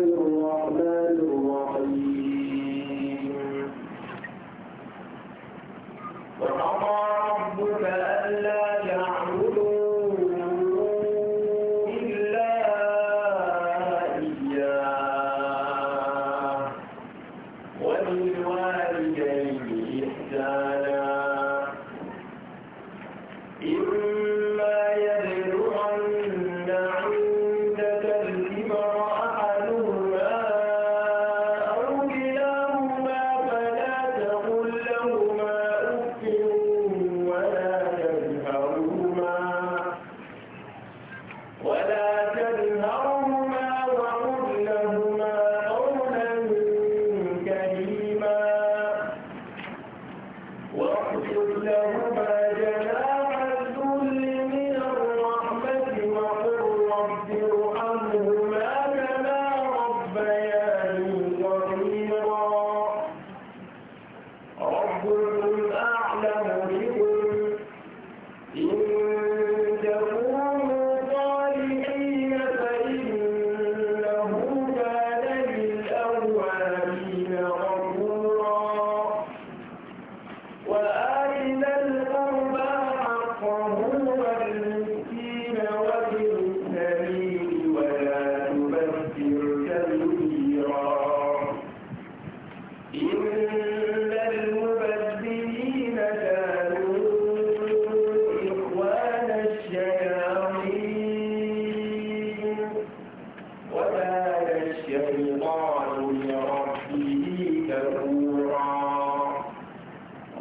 الرحمن الرحيم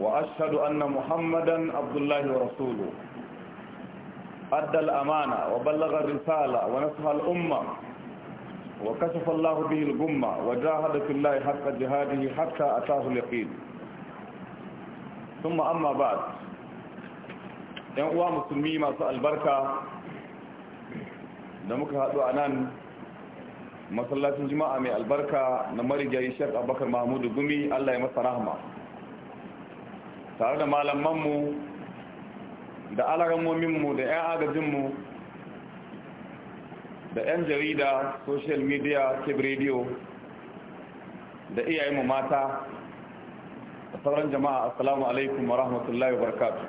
وأشهد أن محمدا عبد الله ورسوله أدى الأمانة وبلغ الرسالة ونصح الأمة وكشف الله به الغمة وجاهد في الله حق جهاده حتى أتاه اليقين ثم أما بعد ‘yan uwa musulmi masu albarka da muka haɗu a nan masallacin jima'a mai albarka na marigayi shek abakar mahmudu gumi allah ya masa rahama tare da malamanmu da alaramominmu da 'yan agajinmu da 'yan jarida social media cape radio da iyayenmu mata da sauran jama'a assalamu alaikum wa rahmatullahi wa barakatu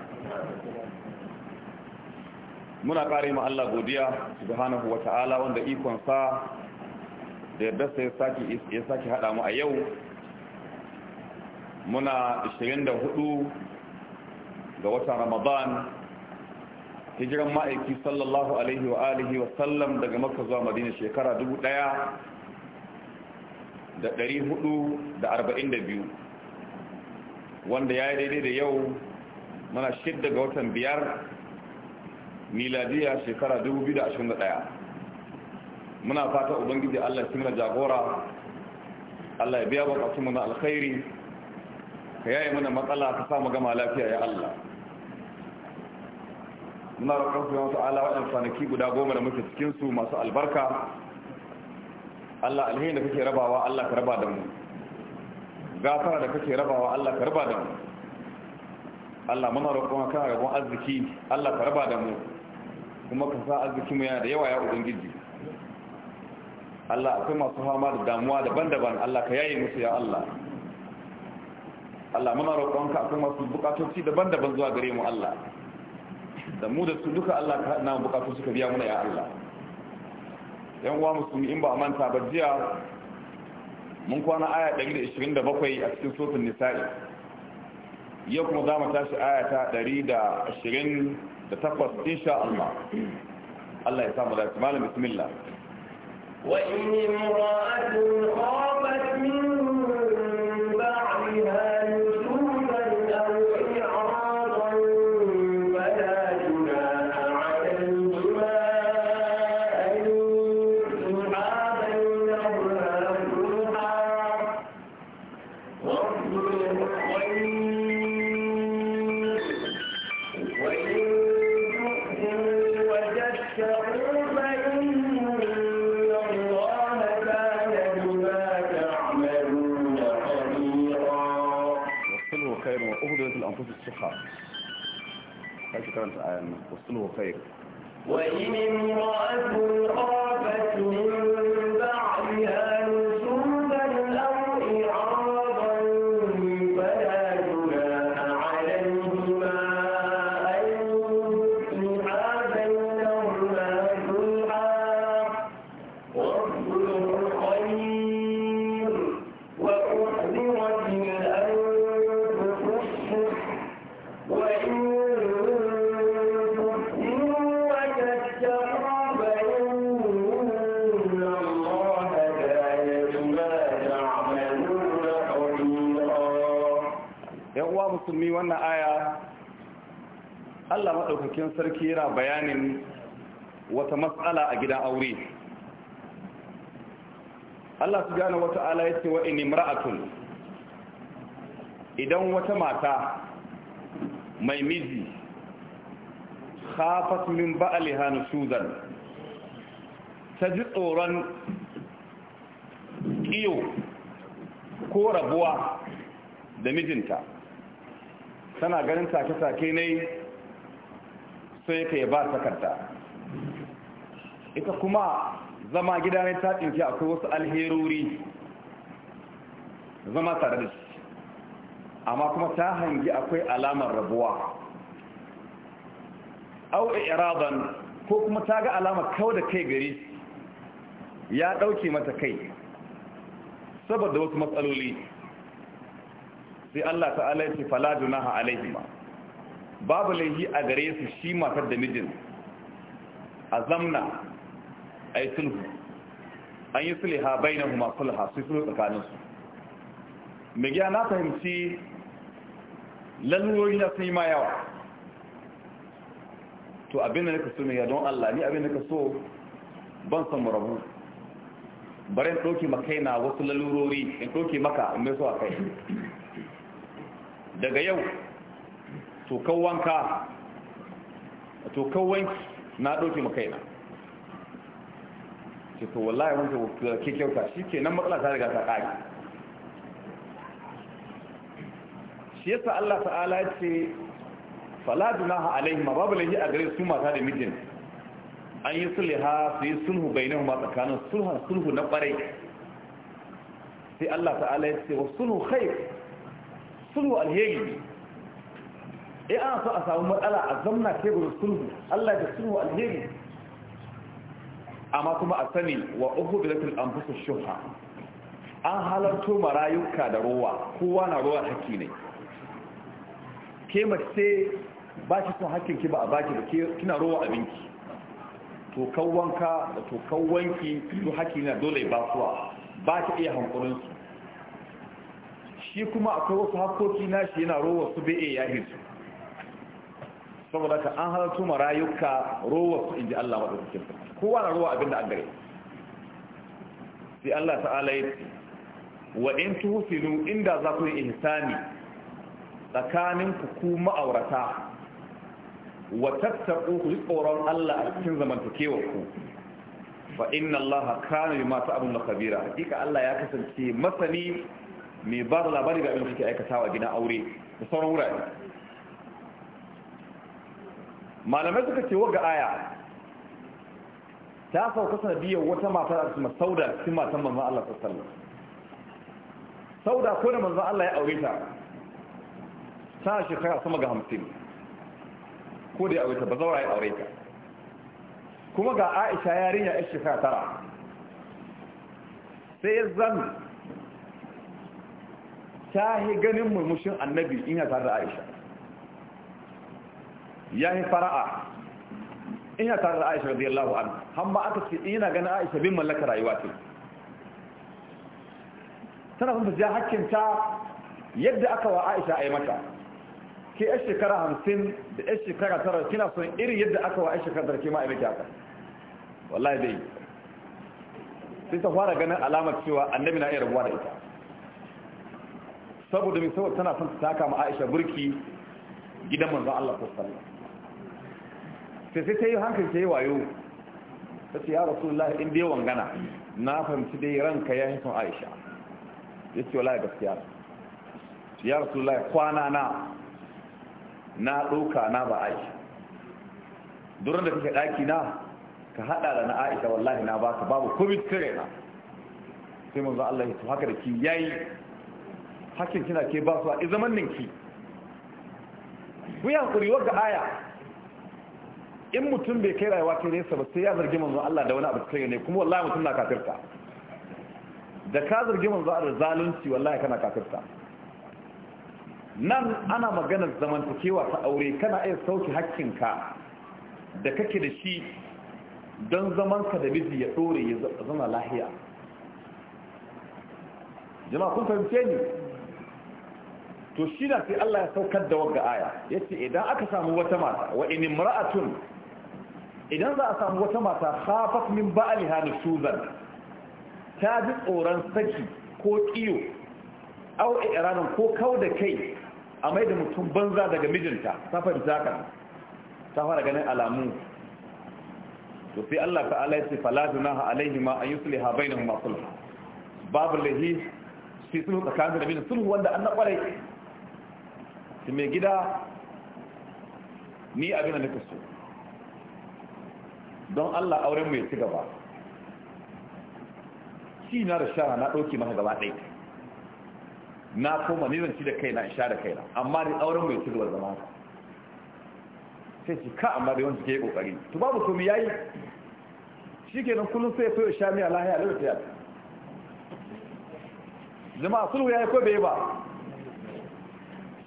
muna ƙari ma Allah godiya subhanahu wa ta'ala wanda ikonsa da yadda sai ya sake haɗa mu a yau muna 24 ga wata ramadan hijiran ma'aiki sallallahu alaihi wa alihi wa sallam daga makka zuwa madina shekara 1442 wanda ya yi daidai da yau muna shidda ga watan biyar miladiya shekara 2021 muna fata ubangiji allah ya kimar jagora allah ya biya bukatu na alkhairi ka yaye mana matsala ka samu gama lafiya ya Allah muna roƙon su wasu ala waɗin kwanaki guda goma da muke cikinsu masu albarka Allah alheri da kake rabawa Allah ka raba da mu gafara da kake rabawa Allah ka raba da mu Allah muna roƙon kan rabon arziki Allah ka raba da mu kuma ka sa arziki mu yana da yawa ya ubangiji Allah akwai masu fama da damuwa daban-daban Allah ka yaye musu ya Allah Allah muna roƙonka akan wasu bukatoci daban-daban zuwa gare mu Allah da mu da su duka Allah ka na bukatu suka biya muna ya Allah yan uwa musulmi in ba manta ba jiya mun kwana aya 127 a cikin sotun nisa'i yau kuma za mu tashi aya ta 128 insha Allah Allah ya samu lafiya malam bismillah wa in imra'atun khafat min karanta ayan nan wasu khair wa in imra'atun khafat min sarki yana bayanin wata matsala a gidan aure Allah su gane wata ala ya ce wa imra'atun idan wata mata mai miji khafat min hannu nushuzan ta ji tsoron iyo ko rabuwa da mijinta tana ganin take-take ne sai ka ya ba takarda ita kuma zama gida ne ta tsinci akwai wasu alherori zama tare da shi amma kuma ta hangi akwai alamar rabuwa au iradan ko kuma ta ga alamar kawo da kai gari ya ɗauke mata kai saboda wasu matsaloli sai Allah ta'ala ya ce fala junaha alaihima babu laifi a gare su shi matar da mijin a zamna a yi sulhu an yi sulha bai na kuma sulha su sulhu tsakaninsu mai gya na fahimci lalurori na sun yi ma yawa to abin da nika so mai don Allah ni abin da ka so ban san rabu bari in ɗauki maka yana wasu lalurori in ɗauki maka mai so a kai daga yau to kawanka to kawanki na ɗauke makaina ce to wallahi wanda ke kyauta shi ke nan matsala ta riga ta ƙari shi yasa Allah ta'ala ce faladunaha alaihi ma babu laifi a gare su mata da mijin an yi sulha su yi sulhu bainahu ma tsakanin sulhu sulhu na ƙwarai sai Allah ta'ala ya ce wa sulhu khair sulhu alheri ɗaya eh, ana so a samu matsala a zamna teburin sulhu Allah da sulhu alheri amma kuma a sani wa latin an fusa shuha an halarto marayuka da rowa kowa na rowa haƙƙi ne ke mace ba ki son hakkin ki ba a baki da kina rowa abinki to kawwanka da to kawwanki to haƙƙi na dole ba kuwa ba ki iya hankulin shi kuma akwai wasu hakoki na shi yana rowa su be'e iya yahin saboda ka an halartu marayuka rowa su inji Allah wa ɗaukakin kowa na rowa abinda an gare sai Allah ta'ala ya ce wa in tuhsinu inda za ku yi ihsani tsakanin ku ku ma'aurata wa tattaku ku yi tsoron Allah a cikin zamantakewar ku fa inna Allah kana bima ta'maluna kabira hakika Allah ya kasance masani mai ba da labari ga abin da aikata aikatawa gidan aure da sauran wurare malamai suka ce waga aya ta sauka sanadiyar wata mata a cikin sauda cikin matan manzan Allah sallallahu sauda ko da manzan Allah ya aure ta ta shekara sama ga hamsin ko da ya aure ta ba zaura ya aure ta kuma ga Aisha yarinya ya shekara tara sai ya zan ta ganin murmushin annabi ya tare da Aisha ya yi fara'a ina tare da aisha radiyallahu an han ba aka ce ina ganin aisha bin mallaka rayuwa ce tana sun tafiya hakkinta yadda aka wa aisha a yi mata ke yan shekara hamsin da yan shekara tara kina son irin yadda aka wa yan shekara tara ke ma a yi haka wallahi bai sai ta fara ganin alamar cewa annabi na iya rabuwa da ita saboda mai saboda tana son ta taka ma aisha burki gidan manzon Allah sallallahu alaihi wasallam sai sai ta yi hankali ta yi wayo ta ce ya rasulullahi in dai wangana na fahimci dai ranka ya hinkun aisha ya ce wala gaskiya ya rasulullahi kwana na na ɗauka na ba aisha durin da kake ɗaki na ka haɗa da na aisha wallahi na ka babu covid kare na sai manzo Allah ya to haka da ki yayi hakin kina ke ba su a zaman ninki ku yi hankuri wadda aya in mutum bai kai rayuwa ta nesa ba sai ya zargi manzon Allah da wani abu cikin ne kuma wallahi mutum na kafirta da ka zargi manzon Allah zalunci wallahi kana kafirta nan ana maganar zamantakewa ta aure kana iya sauki hakkinka da kake da shi don zamanka da miji ya dore ya zama lahiya jama'a kun fahimce ni to shi na sai Allah ya saukar da wagga aya yace idan aka samu wata mata wa in imra'atun idan za a samu wata mata hafaf min ba'aliha da suzan ta ji tsoron saki ko kiyo au iranin ko kau da kai a mai da mutum banza daga mijinta ta fahimta zaka ta fara ganin alamu to sai Allah ta ya ce fala junaha alaihi ma an yusliha masu sulh babu lahi sai sulhu tsakanin da bin sulhu wanda an na kwarai shi mai gida ni abin da nake so don Allah auren mu ya ci gaba shi na da shara na ɗauki maka gaba ɗai na koma ni zan ci da kaina in sha da kaina amma da auren mu ya ci gaba zama sai ci ka amma da yawanci ke ƙoƙari tu babu yi shi ke shikenan kullum sai ya so ya sha miya lahiya lafiya ta zama sulhu sulhu yi ko bai ba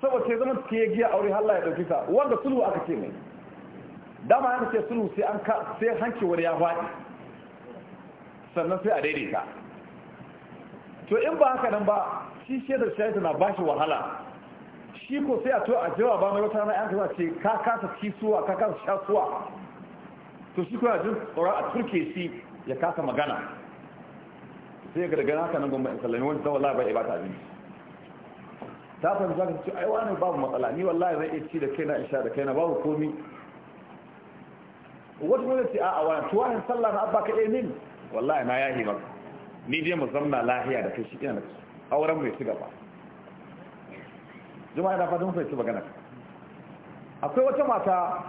saboda sai zaman ke giya aure halayya ya dauki wanda sulhu aka ce mai dama aka ce sulhu sai an sai hankewar ya faɗi sannan sai a daidaita to in ba haka nan ba shi shaidar shaidar na bashi wahala shi ko sai a to a jawa ba mai wata na yanka ce ka kasa kisuwa ka kasa shasuwa to shi ya jin tsoron a turke shi ya kasa magana sai ga daga haka nan gwamnati sallami wani zama labar ya bata abinci ta fahimta ka ce ai wani babu matsala ni wallahi zai iya ci da kaina in sha da kaina babu komi wata wani ce a'a wani tuwahin sallah na abba ka ɗaya min wallahi na yahi ba ni je mu zamna lahiya da kai shi ina da su auren mai ci gaba juma'a na fatan fahimci magana akwai wata mata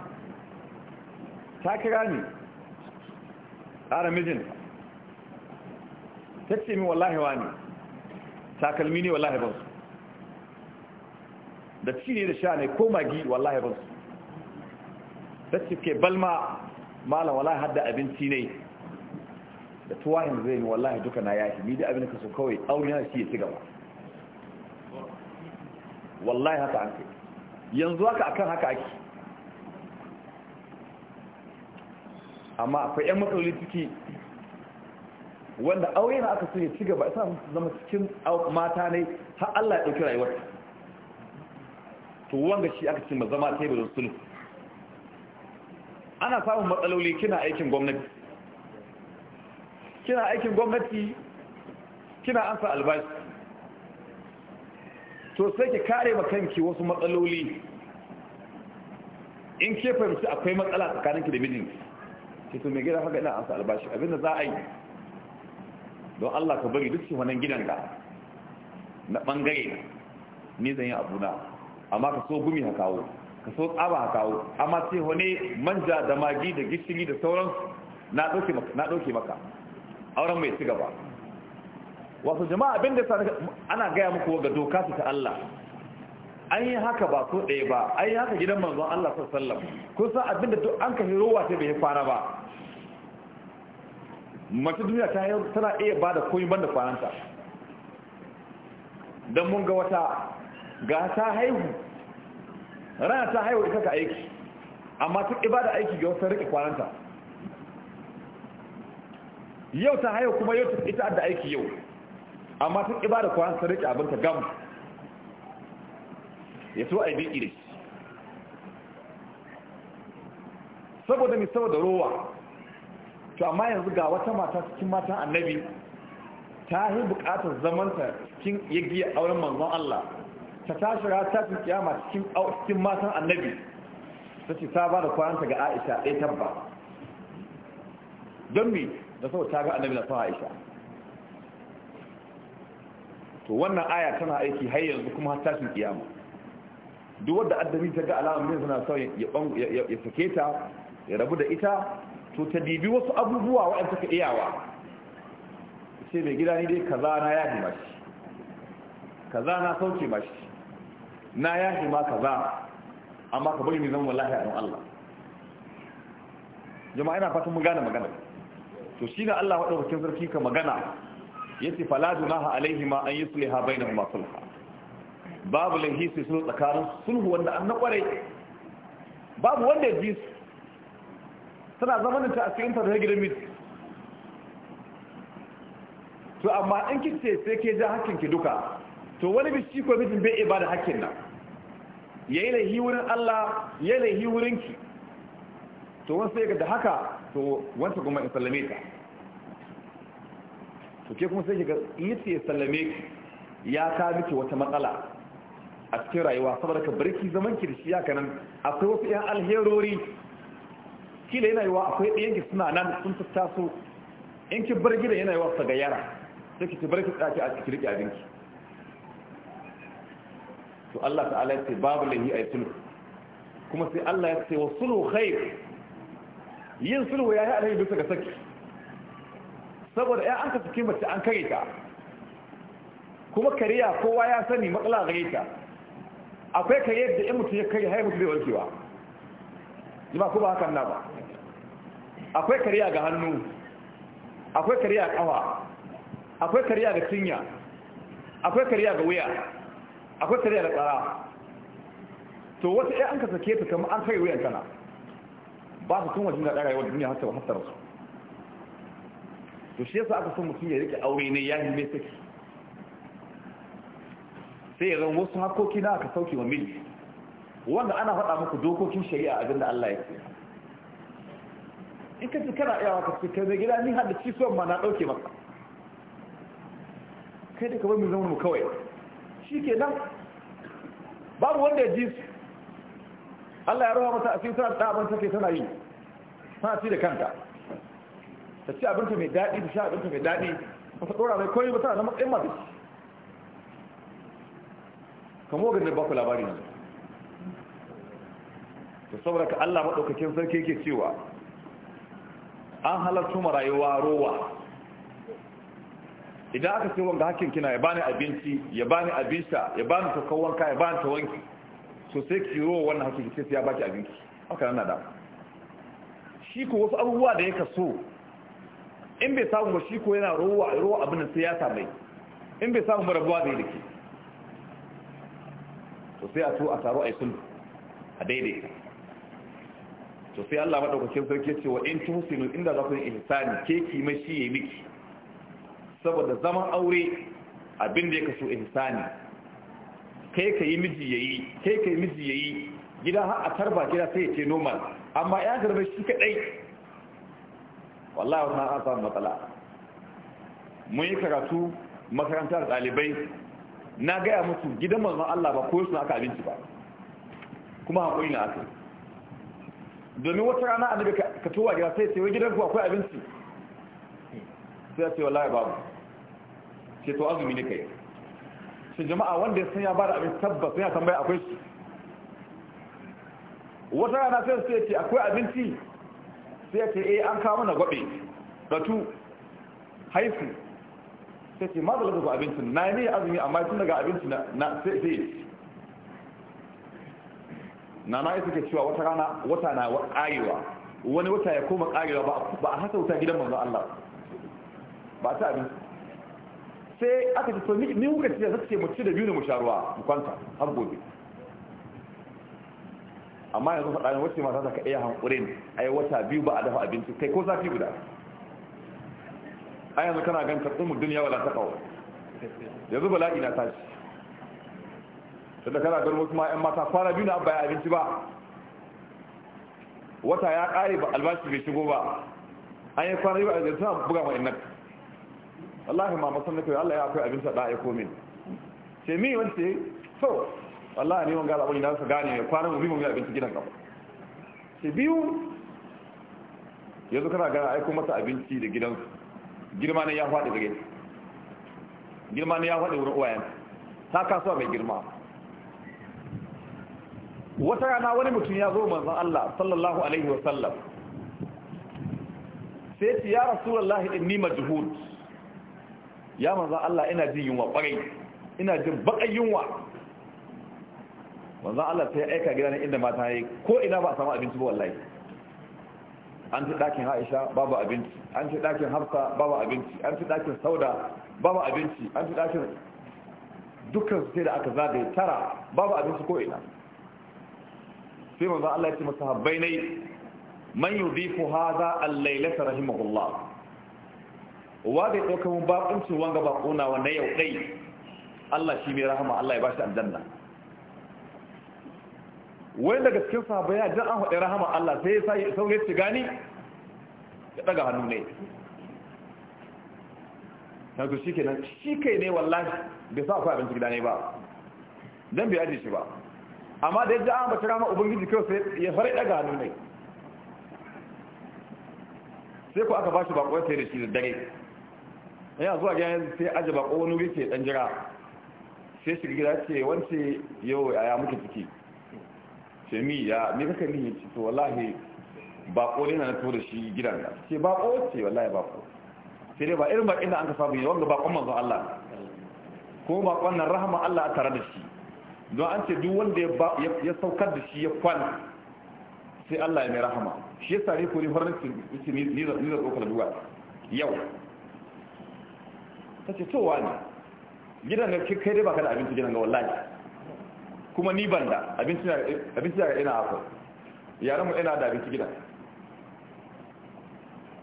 ta kira ni ƙara mijin ta ce min wallahi wani takalmi ne wallahi ban su da ci ne da sha ne ko magi wallahi ban su ta ce ke balma malam wala hadda abinci ne da tuwahin zai yi wallahi duka na yaki ni da abin ka kawai aure na shi ya ci gaba wallahi haka an kai yanzu haka akan haka ake amma akwai yan matsaloli ciki wanda aure na aka so ya ci gaba isa zama cikin mata ne har Allah ya ɗauki rayuwarta to wanga shi aka ce ma zama teburin sulhu ana samun matsaloli kina aikin gwamnati kina aikin gwamnati kina ansa albashi to sai ki kare kanki wasu matsaloli in ke fahimci akwai matsala tsakaninki da mijinki ki to mai gida haka ina ansa albashi abinda za a yi don Allah ka bari duk gidan ka na bangare ne zan yi abuna amma ka so gumi ka kawo ka so tsaba a kawo amma sai hone manja da magi da gishiri da sauransu na ɗauke maka auren mai ci gaba wasu jama'a abin da ana gaya muku ga doka su ta Allah an yi haka ba so ɗaya ba an yi haka gidan manzon Allah sallam ko san abin da duk an ka hirowa sai bai fara ba mace duniya ta yi tana iya ba da koyi banda kwananta don mun ga wata ga ta haihu rana ta haihu ita ka aiki amma ta da aiki ga wasan riƙe kwananta yau ta haihu kuma yau ita da aiki yau amma ta da kwananta riƙe abinta gam ya so a yi biƙi da shi saboda mai saboda rowa to amma yanzu ga wata mata cikin matan annabi ta yi buƙatar zamanta cikin yagiya auren manzon Allah ta tashi ra ta fi kiyama cikin cikin matan annabi ta ce ta ba da kwananta ga aisha ɗaya tabba don mi da sau ta ga annabi na son aisha to wannan aya tana aiki har yanzu kuma ta tashin kiyama duk wanda addami ta ga alamun ne suna son ya sake ta ya rabu da ita to ta dibi wasu abubuwa waɗanda suka iyawa sai mai gida ni dai kaza na ya mashi kaza na sauke mashi na yahi ma kaza amma ka bari ni zama wallahi a don Allah jama'a ina fatan mun gane magana to shi ne Allah bakin sarki ka magana ya ce faladu na ha'alaihi ma an yi su yusliha bainahuma sulha babu laihi su sulhu tsakanin sulhu wanda an na kwarai babu wanda ya ji tana zamanin ta asirin ta da gidan mit. to amma in kice sai ke ja hakkin ki duka to wani bisci ko mijin bai iya bada hakkin nan yayi laihi wurin Allah yayi laihi wurin ki to wani sai ga da haka to wanta kuma in sallame ka to ke kuma sai ga in yace ya sallame ki ya ka miki wata matsala a cikin rayuwa saboda ka barki zaman ki da shi haka nan akwai wasu yan alherori kila yana yiwa akwai ɗayan ki suna nan sun tattaso in ki bar gida yana yiwa sa ga yara sai ki bar ki tsaki a cikin rike abinki to Allah ta'ala ya ce babu lahi ay sulhu kuma sai Allah ya ce wa sulhu khair yin ya yi alheri bisa ga saki saboda ya an ka saki mace an kare ta kuma kariya kowa ya sani matsala gare ta akwai kare da in mutum ya kare har mutum zai warkewa jima ko ba hakan na ba akwai kariya ga hannu akwai kariya a kafa akwai kariya ga cinya akwai kariya ga wuya akwai shari'a da tsara to wata ɗaya an ka sake ta kamar an kai wuyan tana ba su tun wajen daɗa rayuwar duniya har ta hasar rasu to shi yasa aka san mutum ya rike aure ne ya hime saki sai ya ran wasu hakoki na aka sauke wa mil wanda ana faɗa muku dokokin shari'a abin da Allah ya ce in ka ci kana iyawa ka ce kai zai gida ni hada da ci ma na ɗauke maka kai da ka mu zama mu kawai shi ke nan babu wanda ya ji su Allah ya rawa mata a cikin tana ɗaɓar take tana yi tana ci da kanta ta ci abinta mai daɗi ta sha abinta mai daɗi ba ta ɗora mai koyi ba tana na matsayin masu kamo ga da baku labari ne ta saboda ka Allah maɗaukakin sarki ke cewa an halartu marayuwa rowa idan aka ce wanga hakkin kina ya bani abinci ya bani abin ya bani tokan wanka ya bani tawanki so sai ki yi rowa wannan hakkin sai ya baki abinci aka nan da shi ko wasu abubuwa da ya kaso in bai samu ba shi ko yana rowa rowa abin da sai ya samai in bai samu ba rabuwa zai dake to sai a so a taro yi sulhu a daidai to sai Allah madaukakin sarki ya ce wa in tuhsinu inda za ku yi ihsani ke ki mai shi yayi miki saboda zaman aure abin da ya kaso ihsani kai ka yi miji yayi kai ka yi miji yayi gida har a tarba gida sai ya ce normal amma ya garbe shi kadai wallahi wannan asan matsala mun yi karatu makarantar ɗalibai na gaya musu gidan manzon Allah ba ko su aka abinci ba kuma hakuri na aka domin wata rana annabi ka towa gida sai ce wai gidan ku akwai abinci sai ce wallahi babu ke to azumi ne kai shi jama'a wanda ya san ya bada da abin tabbas ya tambaya akwai shi wata rana sai su ce akwai abinci sai ya ce eh an kawo mana gwabe batu haifu sai ce ma da lafafa abincin na ne azumi amma sun daga abinci na sai sai na na isa ke cewa wata rana wata na ƙarewa wani wata ya koma ƙarewa ba a hasa wuta gidan manzan Allah ba ta abinci sai aka ce ni ni kuka ce zai ce mu ci da biyu ne mu sharuwa mu kwanta har gobe amma yanzu faɗa ne wacce mata za ka iya hankurin ai wata biyu ba a dafa abinci kai ko zafi guda ai yanzu kana gan karɓi mu duniya wala ta kawo yanzu bala'i na tashi tunda kana gan wasu kuma 'yan mata kwana biyu na abba ya abinci ba wata ya ƙare ba albashi bai shigo ba an yi kwana biyu ba a yanzu buga ma wallahi ma masan nake Allah ya akwai abin sa da ya komin sai mi wanda so wallahi ne wanga labari na su gane kwana mu bi mu abinci gidan ka? sai biyu yanzu kana ai ko masa abinci da gidansu girma ne ya faɗi gare girma ne ya faɗi wurin uwayen ta kasuwa mai girma wata rana wani mutum ya zo manzon Allah sallallahu alaihi wasallam sai ya rasu inni majhud ya manzan Allah ina jin yunwa ƙwarai ina jin baƙar yunwa manzan Allah ta yi aika gida na inda mata ya ko ina ba a samu abinci ba wallahi an ci ɗakin Aisha babu abinci an ci ɗakin Hafsa babu abinci an ci ɗakin Sauda babu abinci an ci ɗakin dukkan su da aka zagaye tara babu abinci ko ina sai manzan Allah ya ce masa habbai ne man yudifu haza al-lailata rahimahullah wa zai ɗauka mun bakuncin wanga bakuna wanda yau ɗai Allah shi mai rahama Allah ya ba shi aljanna Wai daga cikin sahabai ya jan an haɗe rahama Allah sai ya sauye su gani ya ɗaga hannu ne yanzu shi ke nan shi kai ne wallahi bai sa akwai abinci gida ne ba don bai ajiye shi ba amma da ya ji an bata rama ubangiji kyau sai ya fara ɗaga hannu ne sai ku aka ba shi bakwai sai da shi da dare yana zuwa gida sai ajiye bako wani wuri ke dan jira sai shi gida ce wance yau ya muke ciki ce mi ya me kaka ni ce to wallahi bako ne na to da shi gidan da ce bako ce wallahi bako sai dai ba irin bakin da an ka samu yawan ga bakon manzon Allah ko bakon nan rahama Allah tare da shi don an ce duk wanda ya saukar da shi ya kwana sai Allah ya mai rahama shi ya sare kuri ni farin ni da ni duwa yau ta ce towa ne gidan da kai dai baka da abinci gidan ga wallahi kuma ni ban da abinci da ina akwai yaran mu ina da abinci gidan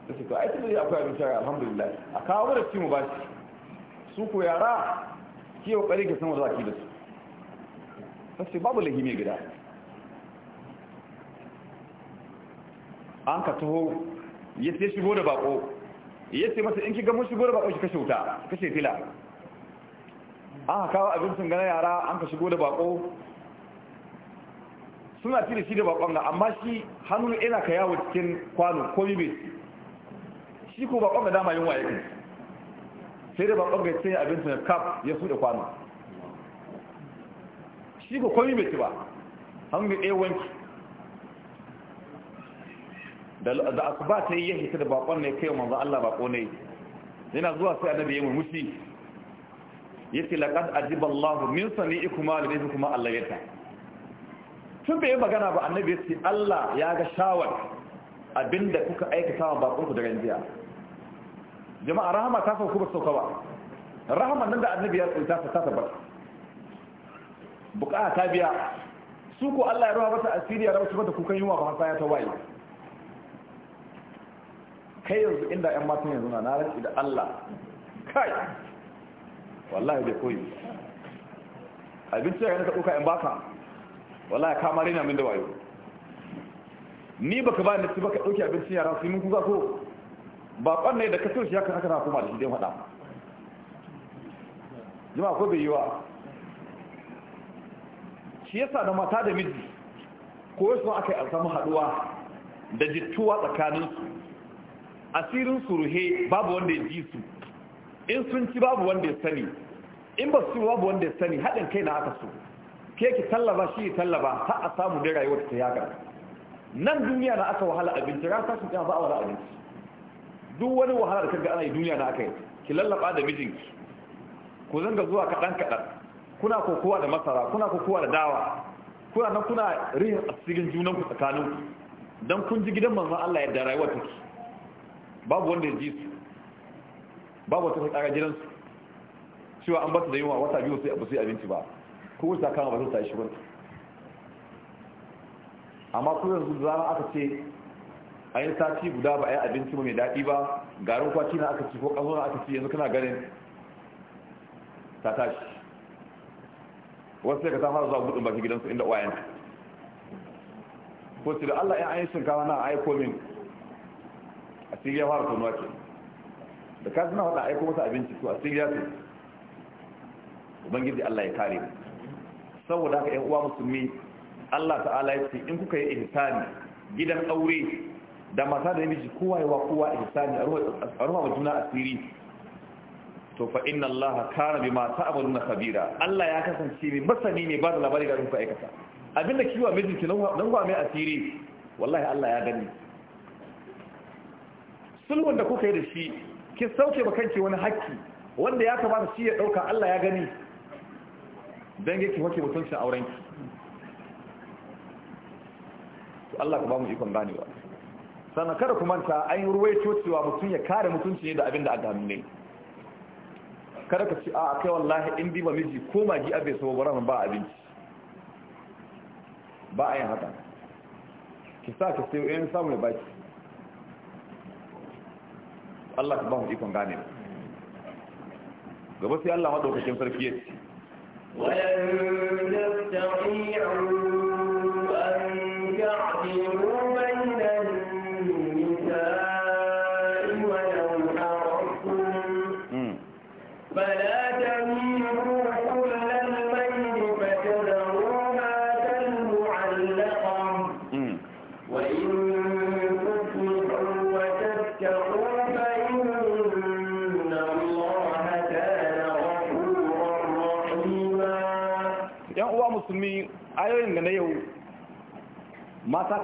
ta ce to ai tun da akwai abinci alhamdulillah a kawo mu da ci mu ba shi su ko yara ki yau kare ke san wanda zaki da su ta ce babu lahi mai gida an ka taho ya sai shigo da bako yace masa in kiga mun shigo da shi ki kashe wuta kashe fila aka kawo abincin gana yara an ka shigo da bako suna ci da shi da bakon da amma shi hannu ina ka yawo cikin kwano ko yi shi ko bakon da dama yunwa yake sai da bakon ga sai abincin kaf ya su da kwano shi ko komi bai ci ba hannu ɗaya wanki da asuba ta yi ya hita da bakon ne kai manzo Allah bako ne yana zuwa sai annabi ya murmushi yace laqad ajiba Allahu min sani'ikuma wa ladaykum Allah yata tun bai magana ba annabi yace Allah ya ga shawar abinda kuka aikata wa bakon ku da ranjiya jama'a rahama ta fuku ba sauka ba rahama nan da annabi ya tsunta ta ta Buƙata ta biya su ko Allah ya ta mata asiri ya rawa ta kukan yiwa ba sai ta waye kai yanzu inda yan matan yanzu na rantsi da Allah kai wallahi bai koyi abinci ya ka ɗauka in baka wallahi ka mare na min da wayo ni baka ba ni su baka ɗauki abincin yara su yi min kuka ko ba ne da ka toshi haka haka na kuma da shi dai faɗa jima ko bai yi wa shi yasa da mata da miji ko yasa aka yi alsamu haɗuwa da jittuwa tsakaninsu asirin su ruhe babu wanda ya ji su in sun ci babu wanda ya sani in ba su babu wanda ya sani haɗin kai na aka so ke ki tallaba shi ya tallaba ta a samu da rayuwa ta yaga nan duniya na aka wahala abinci ran tashin ta ba wala abinci duk wani wahala da kaga ana yi duniya na aka yi ki lallaba da mijinki ku zanga zuwa kaɗan kaɗan kuna kokowa da masara kuna kokowa da dawa kuna nan kuna rihin asirin junanku tsakaninku don kun ji gidan manzon Allah yadda rayuwa take babu wanda ya ji su babu wata fitsara gidansu cewa an basu da yiwuwa wata biyu sai ba su abinci ba ko wata kama ba ta shi wani amma kuma yanzu za a aka ce a yin sati guda ba a yi abinci mai daɗi ba garin kwaci na aka ci ko ƙazo na aka ci yanzu kana ganin ta tashi wasu ya ka samar zuwa gudun baki gidansu inda wayan ko sai da allah ya ayi shinkawa na aiko min a siriya fara tonuwa ke da ka suna faɗa aiko masa abinci su a siriya ce ubangiji allah ya kare saboda haka yan uwa musulmi allah ta'ala ya ce in kuka yi ihsani gidan aure da mata da namiji kowa yawa kowa ihsani a ruwa wa juna asiri to fa inna allah kana bima nuna Kabira allah ya kasance mai masani ne ba da labari ga ku aikata abinda kiwa mijinki nan ba mai asiri wallahi allah ya gani sulhun da kuka yi da shi ki sauke ba kanki wani hakki wanda ya kamata shi ya dauka Allah ya gani dan yake wake mutuncin aurenki to Allah ka ba mu ikon ganewa sannan kada ku manta an yi ruwai cocewa mutum ya kare mutunci ne da abin da aka ne kada ka ci a kai wallahi in ba miji ko magi abin so bara ba abinci ba a yin haka ki sa ka sai in samu ya baki Allah ka ba mu ikon gane gaba sai Allah madaukakin sarki ya ce wayan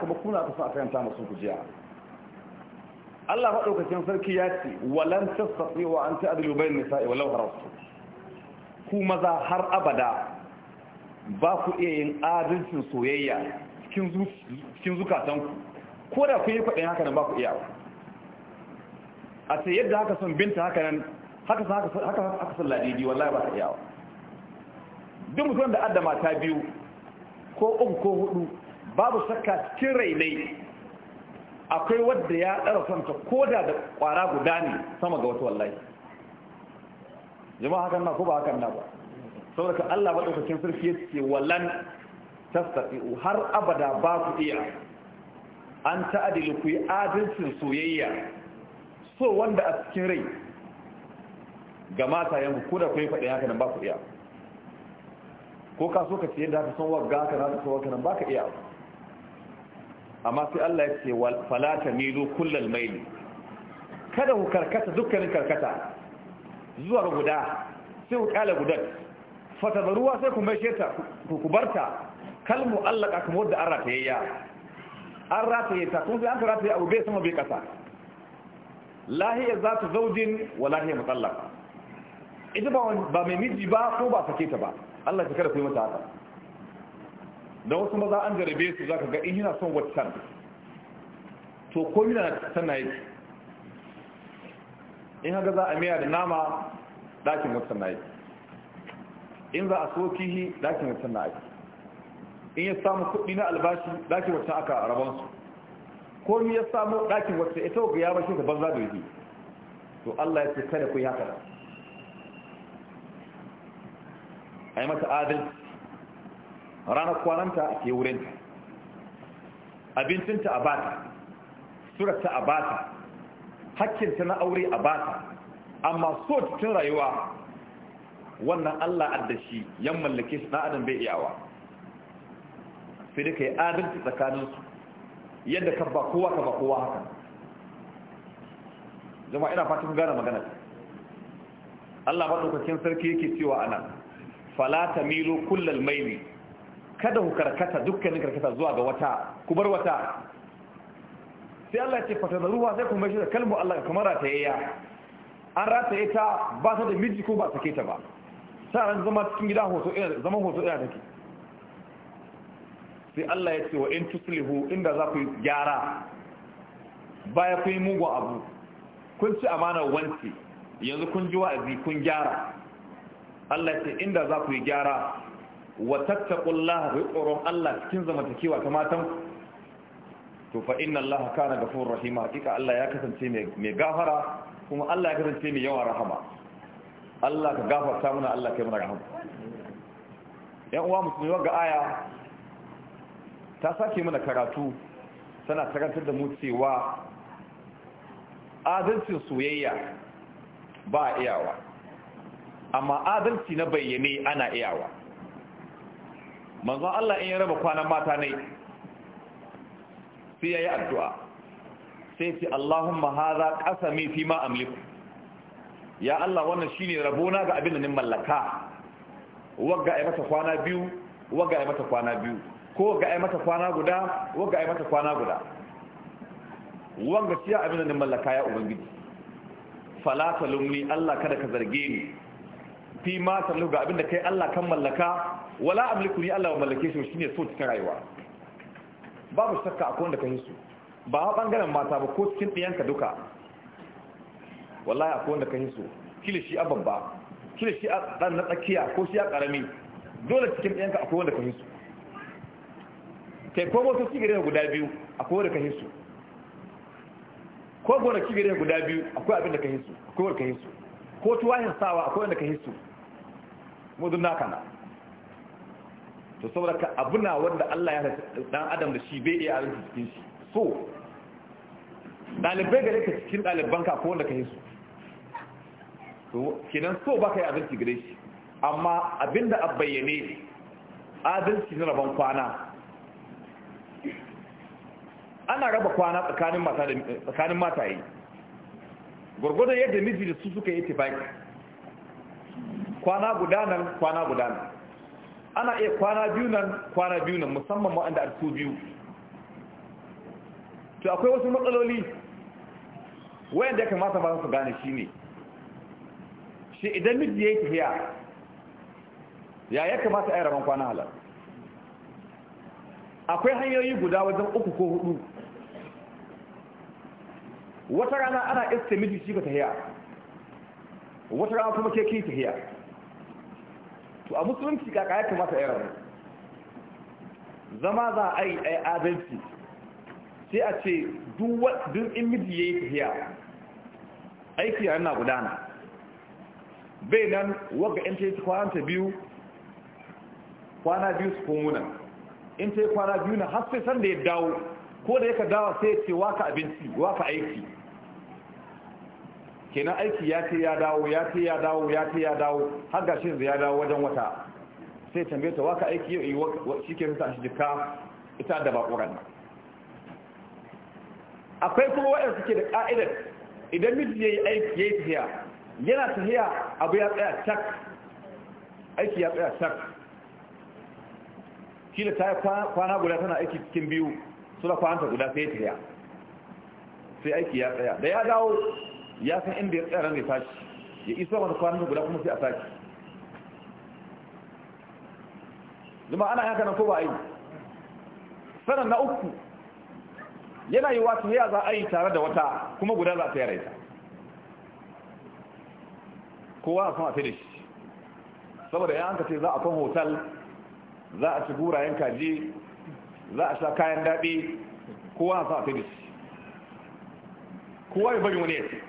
haka ba kuna kusa a ta masu kujiya Allah maɗaukacin sarki ya ce walan tasfafi wa an ta adilu bayan nisa'i walau harastu ku maza har abada ba ku iya yin adalcin soyayya cikin zukatanku ko da ku yi faɗin haka nan ba ku iya a ce yadda haka son binta haka nan haka son ladidi wallahi ba ka iya duk mutum da adama ta biyu ko uku ko hudu babu shakka cikin rainai akwai wadda ya ɗara santa koda da ƙwara guda ne sama ga wata wallahi jama'a hakan na ko ba hakan na ba saboda Allah ba ɗaukakin sarki ya ce wallan tastati'u har abada ba ku iya an ta'adilu ku yi adalcin soyayya so wanda a cikin rai ga mata yanku ko da ku yi faɗin haka nan ba ku iya ko ka so ka ce yadda haka son wagga haka na ta so haka nan ba ka iya ba amma sai Allah ya ce falata tamilu kullal maili kada ku karkata dukkanin karkata zuwa guda sai ku kala gudan fatabaruwa sai ku mai sheta ku kubarta kalmu Allah ka kuma wadda an ratayayya an ratayayya kuma sai an ratayayya abu bai sama bai kasa lahiya za ta zaujin wa lahiya mutsallaka ita ba mai miji ba ko ba sake ta ba Allah ya kada ku yi mata haka da wasu maza an jarabe su za ka ga in yana son watan to ko yana sana yake in haka za a miya da nama dakin watan na yake in za a sokihi dakin watan na yake in ya samu kuɗi na albashi dakin watan aka rabonsu ko ya samu dakin watan ita ga ya bashi ta banza da yake to Allah ya ce kada ku yi haka yi mata adalci ranar kwananta a ke wurinta abincinta a bata suratta a bata hakkinta na aure a bata amma so cikin rayuwa wannan allah addashi yan mallake su na adam bai iyawa sai da ka yi adalci tsakaninsu yadda ka ba kowa ka ba kowa haka zama ina fatan gane magana Allah maɗaukakin sarki yake cewa nan, fala milo kullal maili kada ku karkata dukkanin karkata zuwa ga wata ku bar wata sai Allah ya ce wa sai mai shi da kalmu Allah kamar ratayayya an rataye ta ba ta da miji ko ba take ta ba an zama cikin gida hoto ina zaman hoto ina take sai Allah ya ce wa in tuslihu inda za ku gyara baya ku yi mugun abu kun ci amana wanci yanzu kun ji wa'azi kun gyara Allah ya ce inda za ku yi gyara wa tattaqullaha ku tsoron Allah cikin zamantakewa ta matan to fa inna Allah kana ghafurur rahima kika Allah ya kasance mai gafara kuma Allah ya kasance mai yawan rahama Allah ka gafarta mana Allah kai mana rahama yan uwa musulmi ga aya ta sake mana karatu tana karantar da mu cewa adalcin soyayya ba iyawa amma adalci na bayyane ana iyawa manzon Allah in ya raba kwanan mata ne sai yayi addu'a sai ce Allahumma hadha qasami fi ma amliku ya Allah wannan shine rabona ga abin da ni mallaka wagga ai mata kwana biyu wagga ai mata kwana biyu ko ga ai mata kwana guda wagga ai mata kwana guda wanga shi abin da ni mallaka ya ubangiji fala talumni Allah kada ka zarge ni fi ma tamliku ga abinda kai Allah kan mallaka wala amliku ni Allah wa mallake shi shine so cikin rayuwa babu shakka akwai wanda kai su ba a bangaren mata ba ko cikin diyanka duka wallahi akwai wanda kai su kila shi abban ba kila shi a dan na tsakiya ko shi a karami dole cikin diyanka akwai wanda kai su kai ko wasu sigire guda biyu akwai wanda kai su ko gona gare guda biyu akwai abin da ka su. akwai wanda ka su. ko tuwahin sawa akwai wanda ka su. mudun dun naka na to saboda ka abuna wanda Allah ya dan adam da shi bai iya arziki cikin shi so dalibai gare ka cikin daliban ka ko wanda ka yi su to kenan so baka yi abinci gare shi amma abinda a bayyane adalci na rabon kwana ana raba kwana tsakanin mata tsakanin mataye gurgurdan yadda miji da su suka yi tifaki kwana guda nan kwana guda nan ana iya kwana biyu nan kwana biyu nan musamman waɗanda a su biyu to akwai wasu matsaloli wayanda ya kamata ba su gane shi ne shi idan miji ya yi tafiya ya ya kamata a yi rabon kwana halar akwai hanyoyi guda wajen uku ko hudu wata rana ana iske miji shi ka tafiya wata rana kuma ke ki tafiya to a musulunci ka ya kamata masa zama za a yi adalci sai a ce duk in miji ya yi tafiya aiki yana gudana bai nan waga in ta yi kwananta biyu kwana biyu su komuna in ta kwana biyu na har sanda ya dawo ko da yaka dawa sai ya ce waka abinci waka aiki kenan aiki ya ce ya dawo ya ce ya dawo ya ce ya dawo har ga shi ya dawo wajen wata sai tambaye ta waka aiki yau yi eh, shi ke sa shi jika ita da bakuran akwai kuma waɗanda suke da ka'idar idan miji ya yi aiki ya yi tafiya yana tafiya abu ya tsaya cak aiki ya tsaya cak shi da ta yi kwana guda tana aiki cikin biyu suna kwananta guda sai ya tafiya sai aiki ya tsaya da ya dawo ya san inda ya tsara ne tashi ya iso wani kwanan guda kuma sai a tashi zuma ana yanka nan ko ba a yi sanar na uku yana yi wata ya za a yi tare da wata kuma guda za a yare ta kowa a sama finish saboda yanka ce za a kan hotel za a ci gurayen kaji za a sha kayan daɗi kowa a sama finish kowa yi bari wani ya ce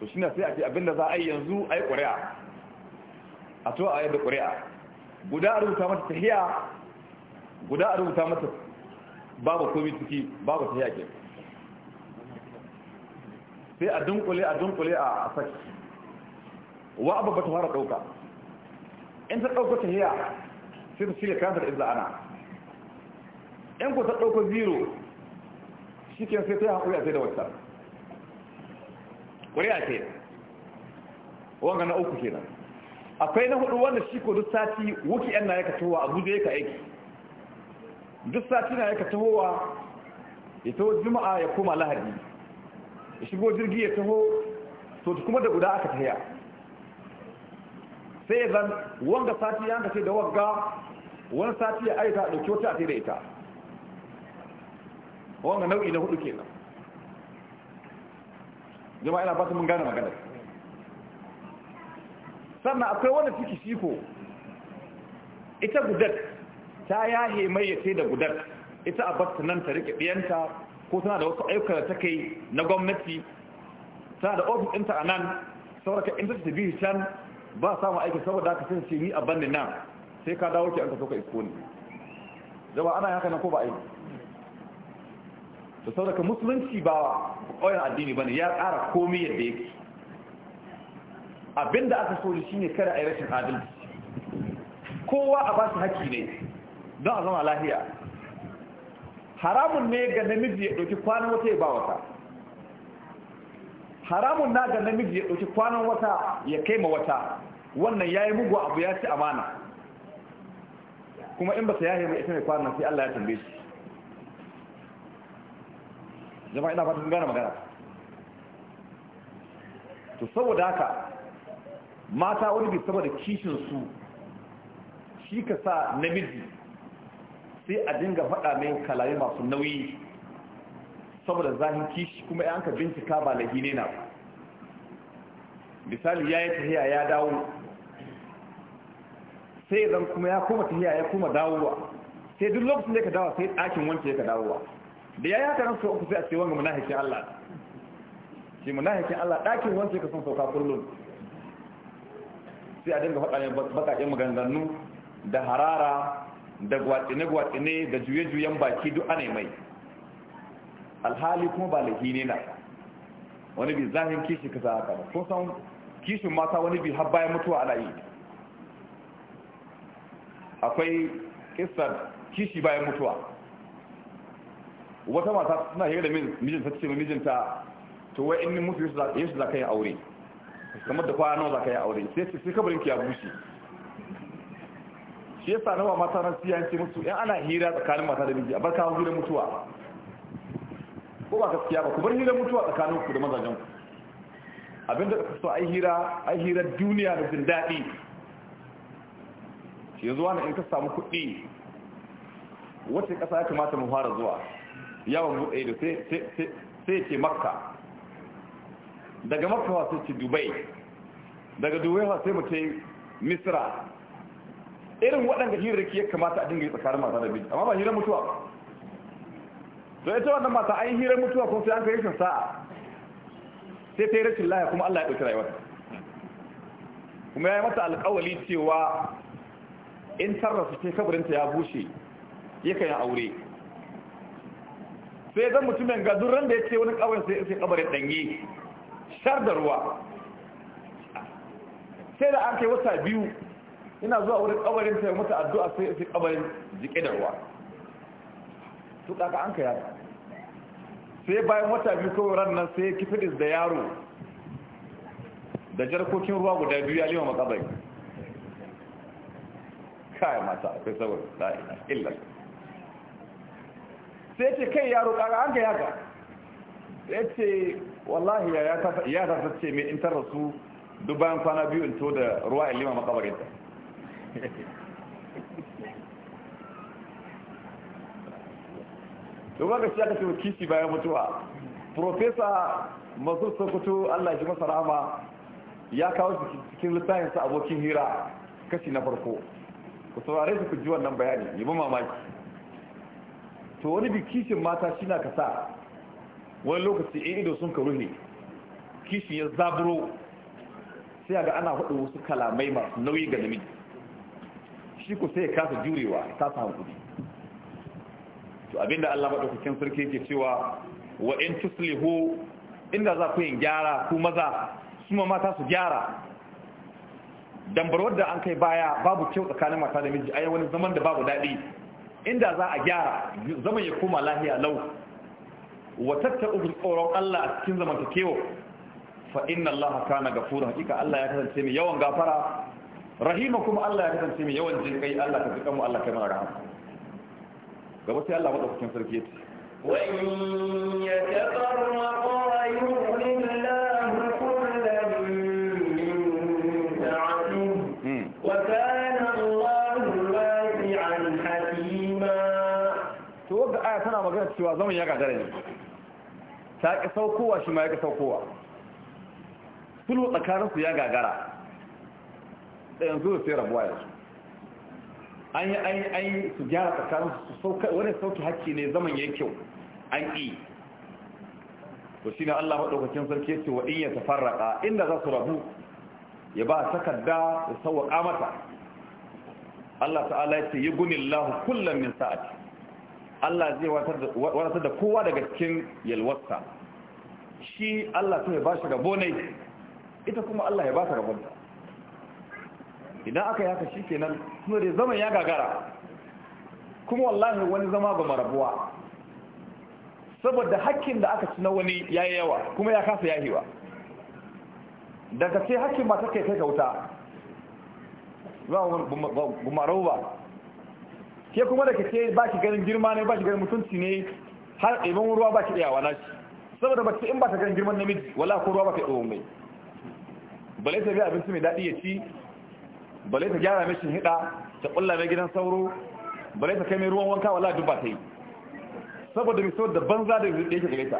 to shi na sai a ce abinda za a yi yanzu a yi ƙuri'a a to a yadda ƙuri'a guda a rubuta mata tahiya guda a rubuta mata babu komi ciki babu tahiya ke sai a dunkule a dunkule a saki wa abu ba ta fara ɗauka in ta ɗauka tahiya sai ta shirya kantar izla ana in ku ta ɗauka zero shi sai ta yi haƙuri a sai da wata ƙuri'a ce wanga na uku kenan akwai na hudu wanda shi ko duk sati wuki yan na yaka towa abuja ka aiki duk sati na yaka towa ya taho juma'a ya koma lahadi ya shigo jirgi ya taho to kuma da guda aka taya. sai zan wanga sati ya hanka da wagga wani sati ya aita ɗauki wata a da ita wanga nau'i na hudu kenan jama'a ina fata mun gane magana sannan akwai wanda ciki siko ita gudat ta yahe mai ya sai da gudar ita a basta nan ta rike ɗiyanta ko tana da wasu ayyukan da ta kai na gwamnati tana da ofis ɗinta a nan sauraka in ta ta biyu can ba samu aiki saboda ka sun ce ni a banni nan sai ka dawo ki an ka so ka isko ne jama'a ana haka nan ko ba aiki to saboda musulunci ba ƙoyon addini bane ya ƙara komai yadda yake abinda aka soji shi ne kada a yi rashin adalci kowa a ba su haƙƙi ne don a zama lahiya haramun ne ga namiji ya ɗauki kwanan wata ya ba wata haramun na ga namiji ya ɗauki kwanan wata ya kai ma wata wannan ya yi mugu abu ya ci amana kuma in ba ta yahe mai ita mai kwanan sai Allah ya tambaye shi jama'a ina fatan gane magana to saboda haka mata wani bi saboda kishin su shi ka sa namiji sai a dinga faɗa mai kalaye masu nauyi saboda zahin kishi kuma ya hanka bincika ba ne na ba misali ya yi tahiya ya dawo sai zan kuma ya koma tahiya ya koma dawowa sai duk lokacin da ya ka dawo sai ɗakin wancan ya ka dawowa da ya yi haka nan uku sai a ce wanga munahikin Allah shi munahikin Allah ɗakin wance ka sun sauka kullum sai a dinga faɗa mai baƙaƙen maganganu da harara da gwatsine-gwatsine da juye-juyen baki duk ana mai alhali kuma ba laifi ne na wani bi zahin kishi ka sa haka ko san kishin mata wani bi har bayan mutuwa ana yi akwai kisar kishi bayan mutuwa wata mata suna hira da mijinta ce mijinta to wai in mutu yesu za ka yi aure kamar da kwana nawa za ka yi aure sai kabarin ki ya bushe shi yasa nawa mata na siyanci mutu in ana hira tsakanin mata da miji a bar kawo hira mutuwa ko ba gaskiya ba ku bar hira mutuwa tsakanin ku da mazajen ku abinda ka so ai hira ai hira duniya da jin daɗi shi zuwa na in ka samu kuɗi wacce ƙasa ya kamata mu fara zuwa yawon buɗe da sai ce makka daga makka wasu ce dubai daga dubai sai mace ce misra irin waɗanda hirarraki ya kamata a dinga yi tsakanin masu da amma ba hirar mutuwa to ita wannan mata an yi hirar mutuwa kuma sai an kai rashin sa'a sai ta yi rashin laya kuma allah ya ɗauki rayuwarta kuma ya yi mata alƙawali cewa in sarrafa ce kabarinta ya bushe yakan yi aure sai zan mutumin ga duran da ya ce wani kawai sai sai kabarin danye shar da ruwa sai da an kai wata biyu ina zuwa wurin kabarin sai mata addu'a sai sai kabarin jike da ruwa to kaka an kai haka sai bayan wata biyu kawai ran nan sai kifidis da yaro da jarkokin ruwa guda biyu ya lima makabai kai mata akwai saboda da'ina illa. sai ce kai yaro kaga an ga yaga sai ce wallahi ya ya ta sace mai in ta rasu duk bayan kwana biyu in to da ruwa in lima makabarinta domin ga shi aka ce kishi bayan mutuwa profesa masu sokoto allah shi masa rahama ya kawo cikin lissafinsa abokin hira kashi na farko ku saurare su ku ji wannan bayani yi mamaki to wani kishin mata shi na kasa wani lokaci in ido sun ka ruhe kishin ya zaburo sai ga ana hudu wasu kalamai masu nauyi ga namiji shi ku sai ya kasa jurewa ta kasa kudi to abinda Allah madaukakin sarki yake cewa wa in tuslihu inda za ku yin gyara ku maza su ma mata su gyara dambarwar da an kai baya babu kyau tsakanin mata da miji ai wani zaman da babu daɗi inda za a gyara zama ya koma lahiya lau wa tattaɓu tsoron Allah a cikin zamantakewa fa inna Allah kana gafura hakika Allah ya kasance mai yawan gafara rahima kuma Allah ya kasance mai yawan jin kai Allah ka tuka Allah kai mana rahama gaba sai Allah madaukakin sarki yace wa in yatafarraqa ta cewa zaman ya gagara ne ta ƙi saukowa shi ma ya ƙi saukowa sulhu tsakaninsu ya gagara da yanzu sai rabuwa yanzu an yi an yi an yi su gyara tsakaninsu su sauka wani sauki hakki ne zaman ya kyau an ƙi to shi ne allah maɗaukacin sarki ce wa in ya farraƙa inda za su rabu ya ba takarda da sauwaƙa mata allah ta'ala ya ce yi gunin lahu kullum min sa'ati Allah zai wadatar da kowa daga cikin yalwarsa shi Allah sai ya shi rabo ne ita kuma Allah ya ba ta rabonta idan aka yi haka shi nan, kuma da zaman ya gagara kuma wallahi wani zama ba marabuwa saboda hakkin da aka ci na wani ya yi yawa kuma ya kasa yahiwa, daga ce hakkin ba ta kai kai kauta ba ba. ke kuma da kake ba ki ganin girma ne ba ki ganin mutunci ne har ɗaiban ruwa ba ki ɗayawa na shi saboda mace in ba ta ganin girman namiji wala ko ruwa ba ka ɗaukar mai bale ta ga abinci mai daɗi ya ci bale ta gyara mai shin hida ta ƙulla mai gidan sauro bale ta kai mai ruwan wanka wala duk ba ta yi saboda mai saboda banza da yake gare ta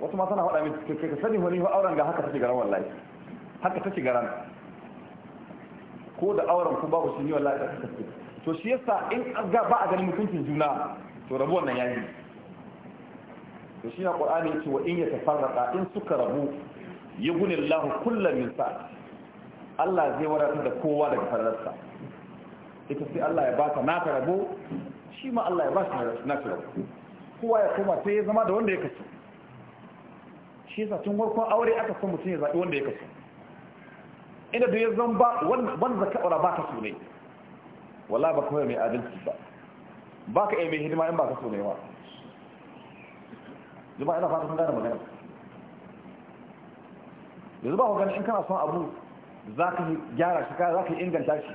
wasu ma suna faɗa mai kai ka sani wani auren ga haka take garan wallahi haka take garan ko da auren ku babu shi ne wallahi da kake to shi yasa in ga ba a ganin mutuncin juna to rabu wannan yi to shi ne qur'ani yace wa in ya yatafarraqa in suka rabu yughni Allahu kullam min sa Allah zai warata da kowa daga fararsa ita sai Allah ya baka naka rabu shi ma Allah ya bashi naka rabu kowa ya koma sai ya zama da wanda ya kasu shi yasa tun farkon aure aka san mutum ya zaɓi wanda ya kasu. ina da ya zan ba wanda ka ɓara ba ka so ne wala ba kawai mai adalci ba ba ka iya mai hidima in ba ka so ne ba zuma ina fata sun gane magana yanzu ba gani in kana son abu za ka gyara shi za ka inganta shi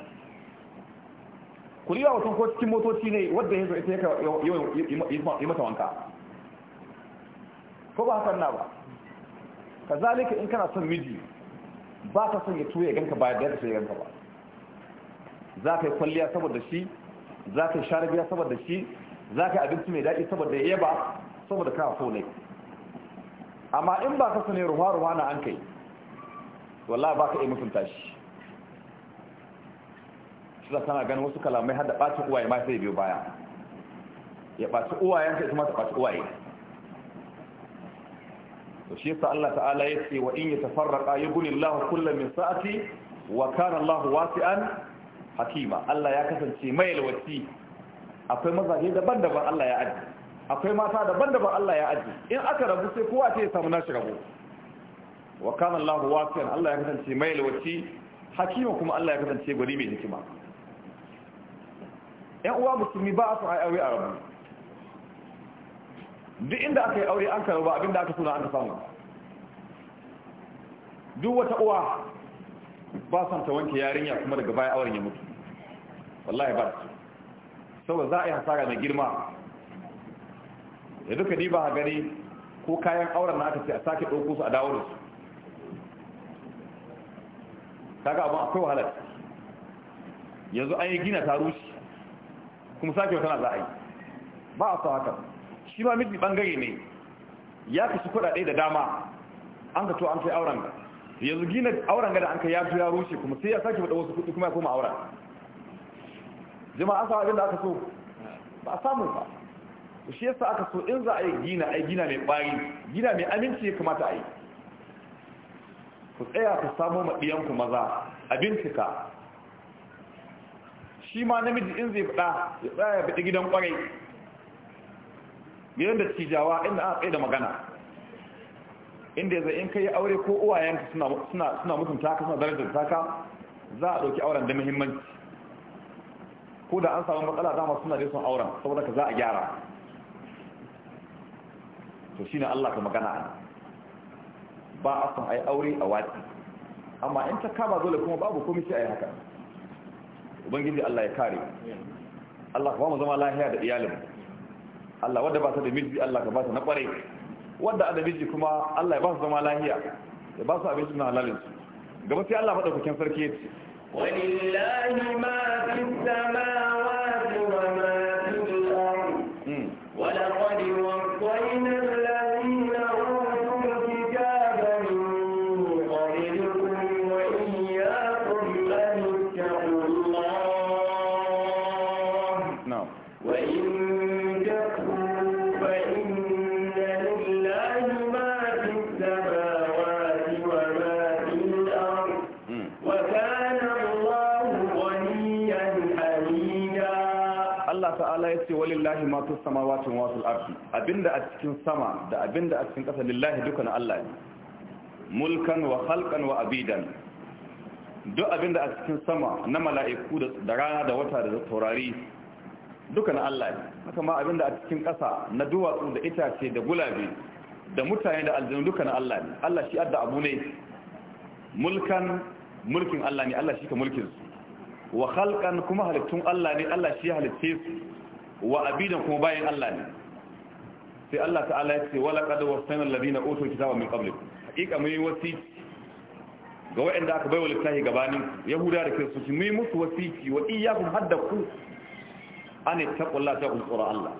ku riwa wasan ko cikin motoci ne wadda ya zo ita ya yi mata wanka ko ba hakan na ba ka zalika in kana son miji ba ka son ya tuya ganka ba da ya ganka ba za ka yi kwalliya saboda shi za ka yi sharabiya saboda shi za ka yi abinci mai daɗi saboda ya ba saboda ka so ne amma in ba ka sani ruwa ruwa na an kai wallah ba ka yi mutunta shi shi da sana ganin wasu kalamai har da ɓacin uwaye ma sai biyo baya ya ɓaci uwayenka ita ma ta ɓaci uwaye to shi yasa Allah ta'ala yace wa in yatafarraqa yughni Allahu min sa'ati wa kana Allahu wasi'an hakima Allah ya kasance mai alwasi akwai mazaje daban-daban Allah ya aji akwai mata daban-daban Allah ya aji in aka rabu sai kowa sai ya samu nashi rabo wa kana Allahu wasi'an Allah ya kasance mai alwasi hakima kuma Allah ya kasance gwani mai hikima ƴan uwa musulmi ba su ayi aure a rabu duk inda aka yi aure an karba abinda aka suna an ka samu duk wata uwa ba son ta wanke yarinya kuma daga baya auren ya mutu wallahi ba su saboda za a yi hasara mai girma ya duka diba a gani ko kayan auren na aka ce a sake ɗauko su a dawo da su kaga abin akwai wahalar yanzu an yi gina ta rushe kuma sake wata na za a yi ba a sa haka shi ma miji bangare ne ya kasu kudade da dama an ka to an kai auren ga yanzu gina auren ga da an kai ya ya rushe kuma sai ya sake faɗa wasu kuɗi kuma ya koma auren jama'a an samu abin da aka so ba a samu ba shi yasa aka so in za a yi gina a gina mai bari gina mai aminci ya kamata a yi ku tsaya ku samo maɗiyanku maza a bincika shi ma namiji in zai fada ya tsaya ya fita gidan kwarai gidan da tijawa inda aka kai da magana inda yanzu in ka yi aure ko uwayenka suna mutunta ka suna darajar taka za a ɗauki auren da muhimmanci ko da an samu matsala dama suna da son auren saboda ka za a gyara to shi ne Allah ka magana ba a son a yi aure a wati amma in ta kama dole kuma babu komai sai a yi haka ubangiji Allah ya kare Allah ka ba mu zama lahiya da iyalinmu Allah wadda ba ta da miji Allah ka ba ta na kwarai wadda da miji kuma Allah ya ba su zama lahiya ya ba su abinci na halalin su gaba sai Allah madaukakin sarki ya ce walillahi ma fi samawa ce walillahi ma fis samawati wa fil abinda a cikin sama da abinda a cikin ƙasa lillahi duka na Allah ne mulkan wa khalqan wa abidan duk abinda a cikin sama na mala'iku da rana da wata da taurari duka na Allah ne haka ma abinda a cikin ƙasa na duwatsu da itace da gulabe da mutane da aljanu duka na Allah ne Allah shi adda abu ne mulkan mulkin Allah ne Allah shi ka mulkin su wa khalqan kuma halittun Allah ne Allah shi halitte su wa abidan kuma bayan Allah ne sai Allah ta'ala ya ce wala qad wasana alladhina utul kitaba min qablikum haqiqa mai wasi ga wa'anda aka baiwa littafi gabanin yahuda da kiristoci mai musu wasiki wa iyyakum haddaku an taqullaha taqul qura Allah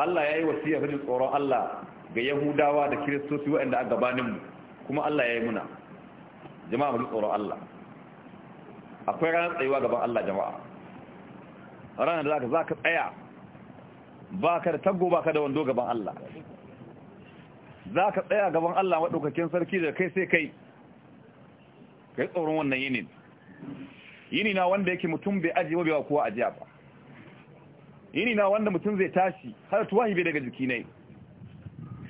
Allah yayi wasiya ga tsoron Allah ga yahudawa da kiristoci wa'anda aka gabanin mu kuma Allah yayi muna jama'a mu tsoro Allah akwai ranar tsayuwa gaban Allah jama'a ranar da za ka tsaya ba ka da taggo ba ka da wando gaban Allah za ka tsaya gaban Allah maɗaukakin sarki da kai sai kai kai tsoron wannan yinin yini na wanda yake mutum bai ajiye wa bai kowa ajiya ba yini na wanda mutum zai tashi har tuwahi bai daga jiki ne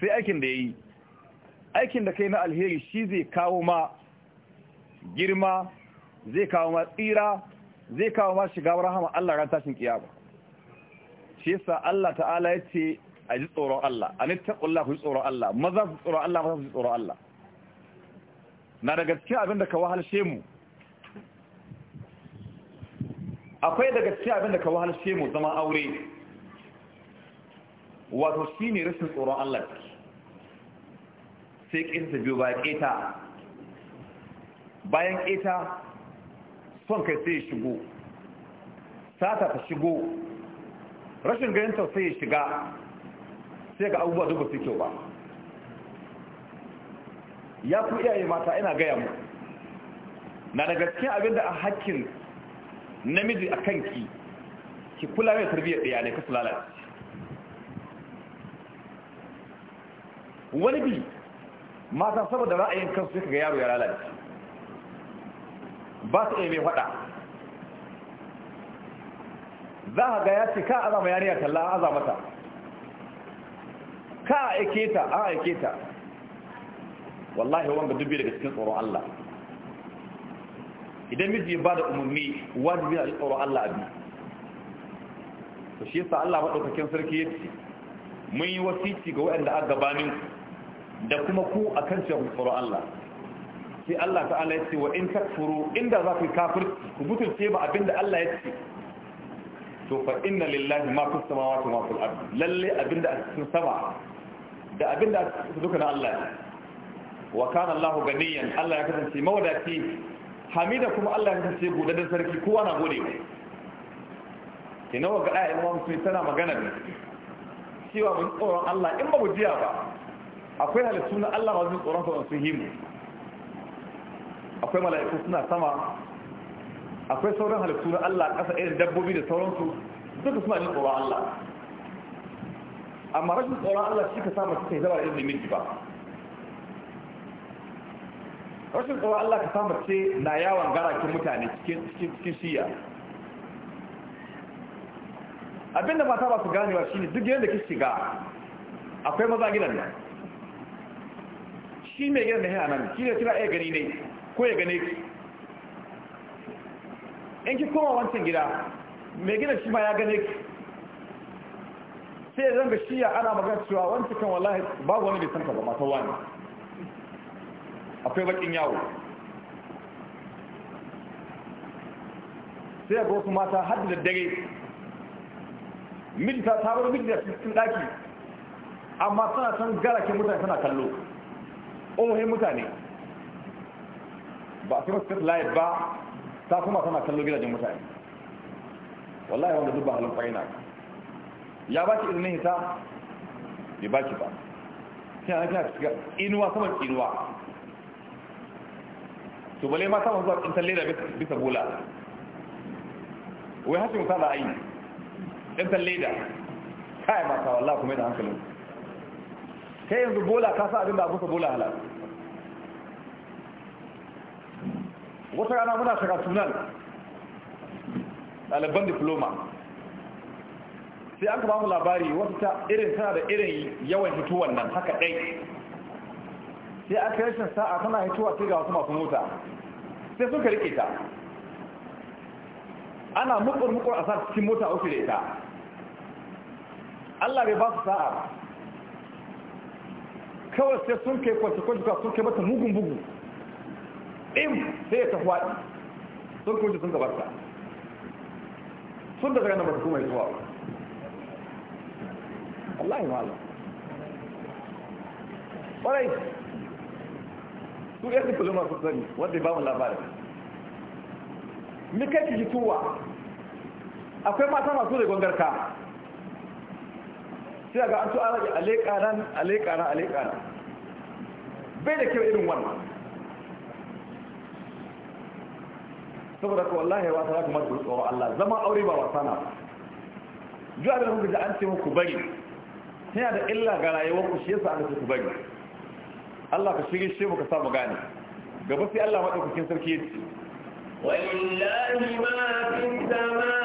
sai aikin da ya yi aikin da kai na alheri shi zai kawo ma girma zai kawo ma tsira zai kawo ma shiga rahama Allah ran tashin kiyama shi yasa Allah ta'ala yace a ji tsoron Allah an taqullahu ku ji tsoron Allah maza su tsoron Allah maza su tsoron Allah na daga cikin abin da ka wahalshe mu akwai daga cikin abin da ka wahalshe mu zama aure wato shine rashin tsoron Allah sai ƙinsa biyu bayan ƙeta bayan ƙeta son kai sai ya shigo sata ta shigo rashin ganin sai ya shiga sai ga abubuwa duk su kyau ba ya ku iyaye mata ina gaya mu na daga cikin abin da a hakkin namiji a kanki ki kula mai tarbiyyar ɗaya kasu lalace wani bi mata saboda ra'ayin kansu suka ga yaro ya lalace ba su ɗaya mai faɗa za a ga ya ce ka azama yariya talla an azama ta ka a aike ta an aike ta wallahi wanga dubbe daga cikin tsoron Allah idan miji ba da umarni wajibi a tsoron Allah abi to shi yasa Allah maɗaukakin sarki ya ce mun yi wasici ga waɗanda aka gabanin da kuma ku a kan shi tsoron Allah sai Allah ta'ala ya ce wa in takfuru inda za ku kafir ku butulce ba abinda Allah ya ce to fa inna lillahi ma fis samawati wa ma fil ard lalle abinda a cikin sama da abinda a duka na Allah wa kana Allahu ganiyan Allah ya kasance mawadaci hamida kuma Allah ya kasance godadan sarki kowa na gode mai kina wa ga ayyan wa musulmi tana magana ne cewa mun tsoron Allah in ba mu jiya ba akwai halittu na Allah wajen tsoron sa sun himu akwai mala'iku suna sama akwai sauran halittu na Allah ƙasa irin dabbobi da sauransu duka suna jin tsoron Allah amma rashin tsoron Allah shi ka samu suka yi zama da irin ba rashin tsoron Allah ka samu ce na yawon garakin mutane cikin shiya abinda mata ba su ganewa shine duk yadda ki shiga akwai maza gidan nan shi mai gidan na hana nan shi ne tuna iya gani ne ko ya gane ki in ki koma wancan gida mai gina shi ma ya gane ki sai zan ga shiya ana magana cewa wancan kan wallahi babu wani bai san ka ba mata wani akwai bakin yawo sai ga wasu mata har da dare miji ta bar mijita cikin daki amma suna san garakin mutane tana kallo ohun mutane ba a kuma street ba ta kuma tana kallo gidajen mutane wallahi wanda duk ba halin kwaina ya ba ki izinin hita bai ba ki ba kina an kina shiga inuwa sama inuwa to bale ma sama zuwa talle leda bisa bola wai hashin sa da ayi talle leda kai mata wallahi kuma da hankalin kai yanzu bola ka sa abin da abusa bola halar wata rana muna shiga tunan ɗaliban diploma sai an ba mu labari wata irin tana da irin yawan hituwan nan haka ɗai sai an kai rashin sa'a tana hituwa sai ga wasu masu mota sai suka rike ta ana mukur-mukur a sa cikin mota a da ita allah bai ba su sa'a kawai sai sun kai kwanci-kwanci sun kai mata mugun bugu ɗin sai ya tafi waɗi sun kunshi sun gabarta sun da daga nan ba su kuma yi zuwa wallahi ma'ala ƙwarai su yan diploma su sani wanda ya ba mu labarin mika ki tuwa akwai mata masu da gongarka sai ga an to a nan alaƙa nan alaƙa nan bai da kyau irin wannan saboda ka wallahi wa ta kuma ku wa Allah zama aure ba wasa na juwa da kuka da an ce muku bari yana da illa ga rayuwar ku shi yasa an ce ku bari Allah ka shige shi muka samu gane gaba sai Allah madaukakin sarki ya ce ma fi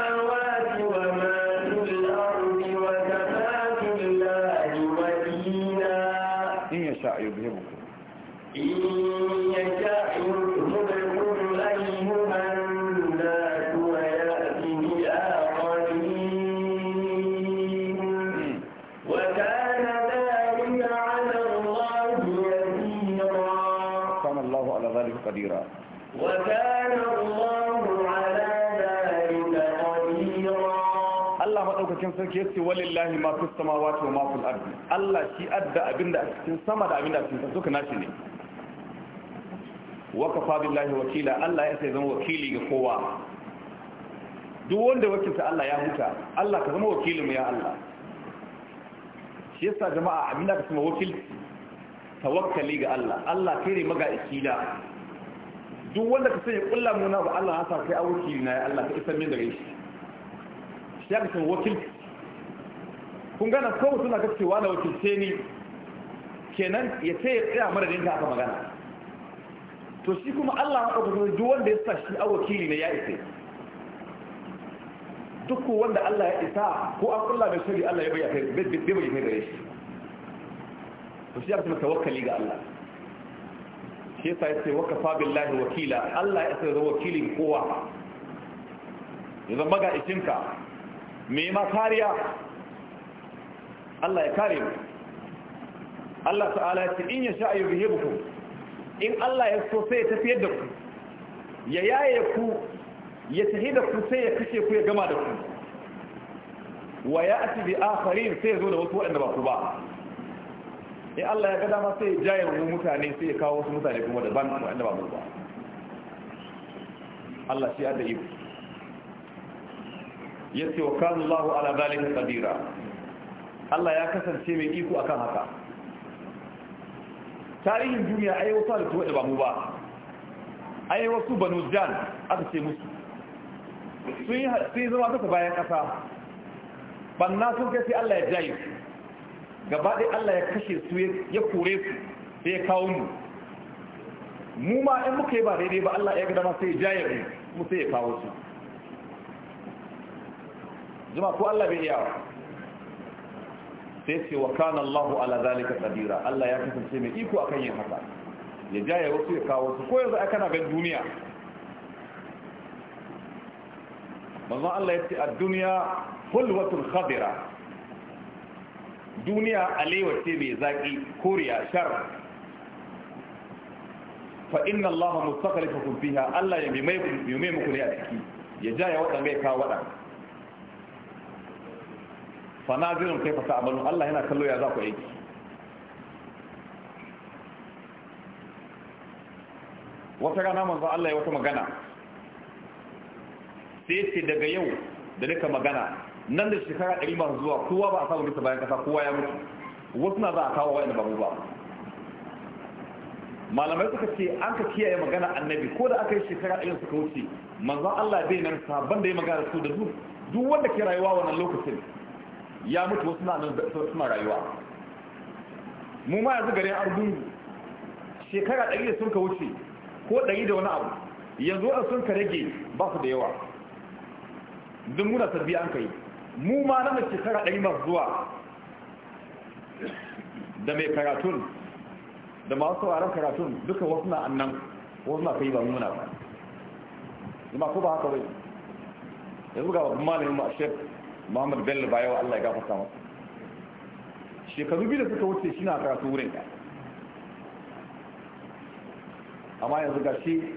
sarki yace walillahi ma fis samawati wa ma fil ardi Allah shi adda abinda a cikin sama da abinda a cikin ƙasa duka nashi ne wa kafa billahi wakila Allah ya sai zama wakili ga kowa duk wanda wakilta Allah ya huta Allah ka zama wakili mu ya Allah shi yasa jama'a abinda ka sama wakil tawakkali ga Allah Allah kai ne maga ikila duk wanda ka sai kullamu na ba Allah sa kai a wakili na ya Allah ka isa min da shi ya ka sama wakilci kun gana kawai suna ga cewa na ce ni kenan ya ce ya tsaya mara dinka aka magana to shi kuma Allah ya ɗauka duk wanda ya sa shi a wakili na ya isa duk wanda Allah ya isa ko an kulla mai shari Allah ya bayyana kai bai bayyana gare shi to shi ya fi tawakkali ga Allah shi yasa ce wa kafa billahi wakila Allah ya isa wakilin kowa ya zama ga ikinka me ma kariya Allah ya kare mu Allah ta'ala ya ce in ya sha'a yuzhibukum in Allah ya so sai ya tafiyar da ku ya yaye ku ya tahi da ku sai ya kashe ku ya gama da ku wa ya'ti bi akharin sai ya zo da wasu waɗanda ba ku ba in Allah ya ga dama sai ya jaye mu mutane sai ya kawo wasu mutane kuma da daban waɗanda ba mu ba Allah shi ya da iko yace wa kana ala zalika qadira Allah ya kasance mai iko akan haka tarihin duniya ai wasu halittu wadda ba mu ba ai wasu banu jan aka ce musu sun yi zama kasa bayan kasa banna sun kai sai Allah ya jayi su gaba ɗaya Allah ya kashe su ya kore su sai ya kawo mu mu ma ɗan muka yi ba daidai ba Allah ya ga dama sai ya jayi mu sai ya kawo su jama'a ko Allah bai iya sai ce wa kana Allahu ala zalika qadira Allah ya kasance mai iko akan yin haka ya jaya wasu ya kawo su ko yanzu kana ga duniya manzon Allah ya ce a duniya hulwatul khadira duniya alewa ce mai zaki koriya shar fa inna Allah mustaqlifukum fiha Allah ya mai muku ne a ciki ya jaya waɗanda ya kawo waɗanda fa jirin kai fasa amalun Allah yana kallo ya za ku aiki wata rana manzo Allah ya wata magana sai ce daga yau da nika magana nan da shekara ɗari masu zuwa kowa ba a samu bisa bayan kasa kowa ya mutu wasu na za a kawo wa'in babu ba malamai suka ce an ka kiyaye magana annabi ko da aka yi shekara ɗari suka wuce manzan Allah bai nan sabon da ya magana su da duk wanda ke rayuwa wannan lokacin ya mutu wasu na nan suna rayuwa mu ma yanzu garin argungu shekara ɗari da sun ka wuce ko ɗari da wani abu yanzu wadda sun ka rage ba su da yawa duk muna sabbi an kai mu ma na mai shekara ɗari masu zuwa da mai karatun da masu sauraron karatun duka wasu na annan wasu na kai ba muna ba ba ba haka bai yanzu ga babban malamin ma shek muhammad bello bayo allah ya gafarta masa shekaru biyu da suka wuce shi na karatu wurin ka amma yanzu ga shi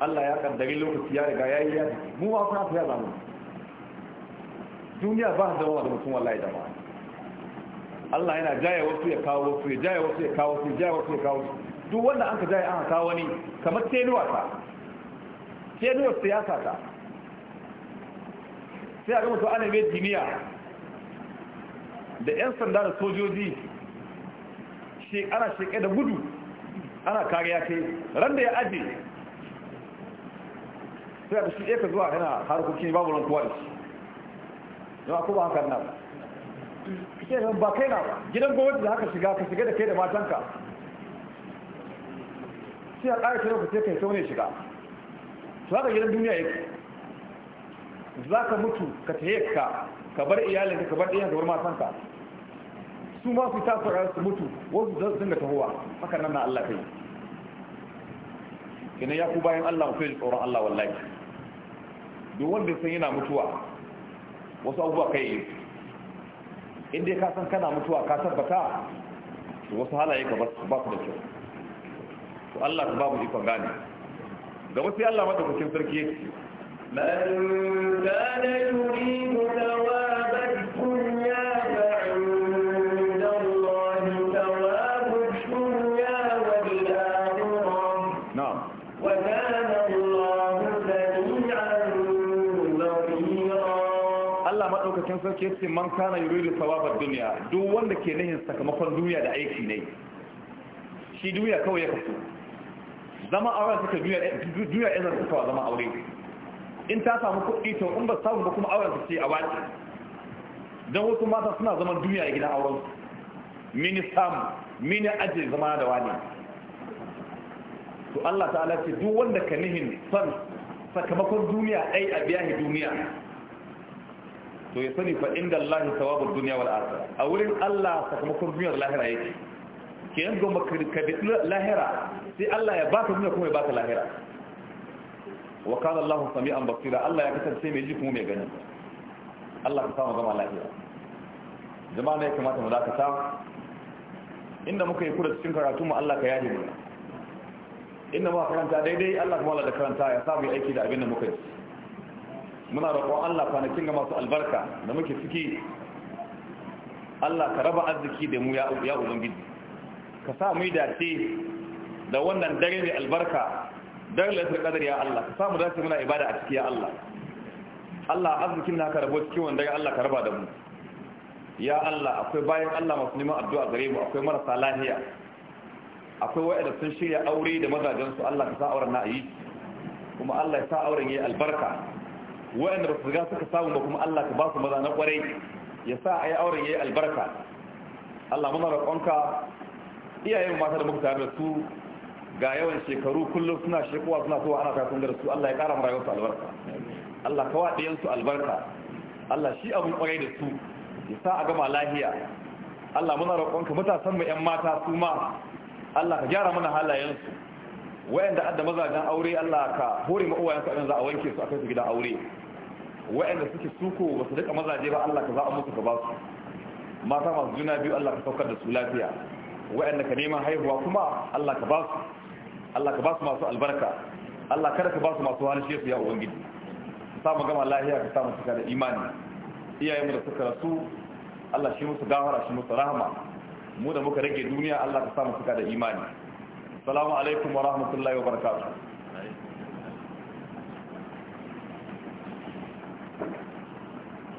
allah ya kaddari lokaci ya riga ya yi ya mu ma kuna ya zamu duniya ba da wani mutum wallahi da ba. allah yana jaya wasu ya kawo wasu ya jaya wasu ya kawo wasu ya jaya wasu ya kawo wasu duk wanda an ka jaya an kawo wani kamar teluwa ta Teluwa siyasa ta sai a ga ana mai jiniya da 'yan sanda da sojoji shi ana sheke da gudu ana kariya ce ran da ya aje sai a shi ka zuwa yana harkokin babu ran kowa da shi yau a kuma haka nan ke nan ba kai na ba gidan gwamnati da haka shiga ka shiga da kai da matanka sai a ƙarfi lokacin kai sau kai saune shiga su haka gidan duniya yake za ka mutu ka taye ka ka bar iyalinka ka bar ɗiyanka bar matanka su ma su ta fara su mutu wasu zan dinga tahowa haka nan na Allah kai kenan ya ku bayan Allah ku ji tsoron Allah wallahi duk wanda san yana mutuwa wasu abubuwa kai yi ka san kana mutuwa ka tabbata to wasu halaye ka ba su da kyau to Allah ka babu ikon gane gaba sai Allah madaukakin sarki yake sarki ce man kana yuridu sawabar duniya duk wanda ke nihin sakamakon duniya da aiki ne shi duniya kawai ya kasu. zama auren suka duniya duniya izar zama aure in ta samu kuɗi to in ba samu ba kuma auren su ce a wace don wasu mata suna zaman duniya a gidan auren mini samu mini ajiye zama da wani to Allah ta'ala ce duk wanda ka nihin son sakamakon duniya ɗai a biya duniya to ya sani fa inda Allah sababin duniya wal akhirah a wurin Allah sakamakon duniyar lahira yake ke yanzu goma ka bi lahira sai Allah ya ba ka duniya kuma ya ka lahira wa kana Allahu sami'an basira Allah ya kasance mai ji kuma mai gani Allah ka samu zama lafiya jama'a ne kamata mu dakata inda muka yi kura cikin karatu mu Allah ka yaje mu inda muka karanta daidai Allah kuma Allah da karanta ya samu aiki da abin da muka yi muna roƙon Allah kwanakin ga masu albarka da muke ciki Allah ka raba arziki da mu ya ubangiji ka sa mu dace da wannan dare mai albarka dan lailatul kadar ya Allah ka samu zaki muna ibada a cikin ya Allah Allah azzikin naka rabo cikin wanda ya Allah ka raba da mu ya Allah akwai bayan Allah masu neman addu'a gare mu akwai marasa lahiya akwai wa'anda sun shirya aure da mazajen su Allah ka sa auren na yi kuma Allah ya sa auren yayi albarka wa'anda ba su riga suka samu ba kuma Allah ka ba su maza na kwarai ya sa ayi auren yayi albarka Allah muna roƙonka iyayen mata da muka tare da su ga yawan shekaru kullum suna shekuwa suna so ana kafin da su Allah ya kara mu rayuwarsu albarka Allah kawa ɗayan su albarka Allah shi abun kwarai da su ya sa a gama lahiya Allah muna roƙonka mutasan mu ƴan mata su ma Allah ka gyara mana halayen su wayanda adda mazajen aure Allah ka hore mu uwayen su za a wanke su a kai su gidan aure wayanda suke suko ba su duka mazaje ba Allah ka za a musu ka ba su mata masu juna biyu Allah ka saukar da su lafiya wayanda ka neman haihuwa kuma Allah ka ba su Allah ka ba su masu albarka Allah kada ka ba su masu wani shefu ya ubangiji ka samu gama lahiya ka samu cika da imani iyayenmu da suka rasu Allah shi musu gafara shi musu rahama mu da muka rage duniya Allah ka samu cika da imani salamu alaikum wa rahmatullahi wa barakatuh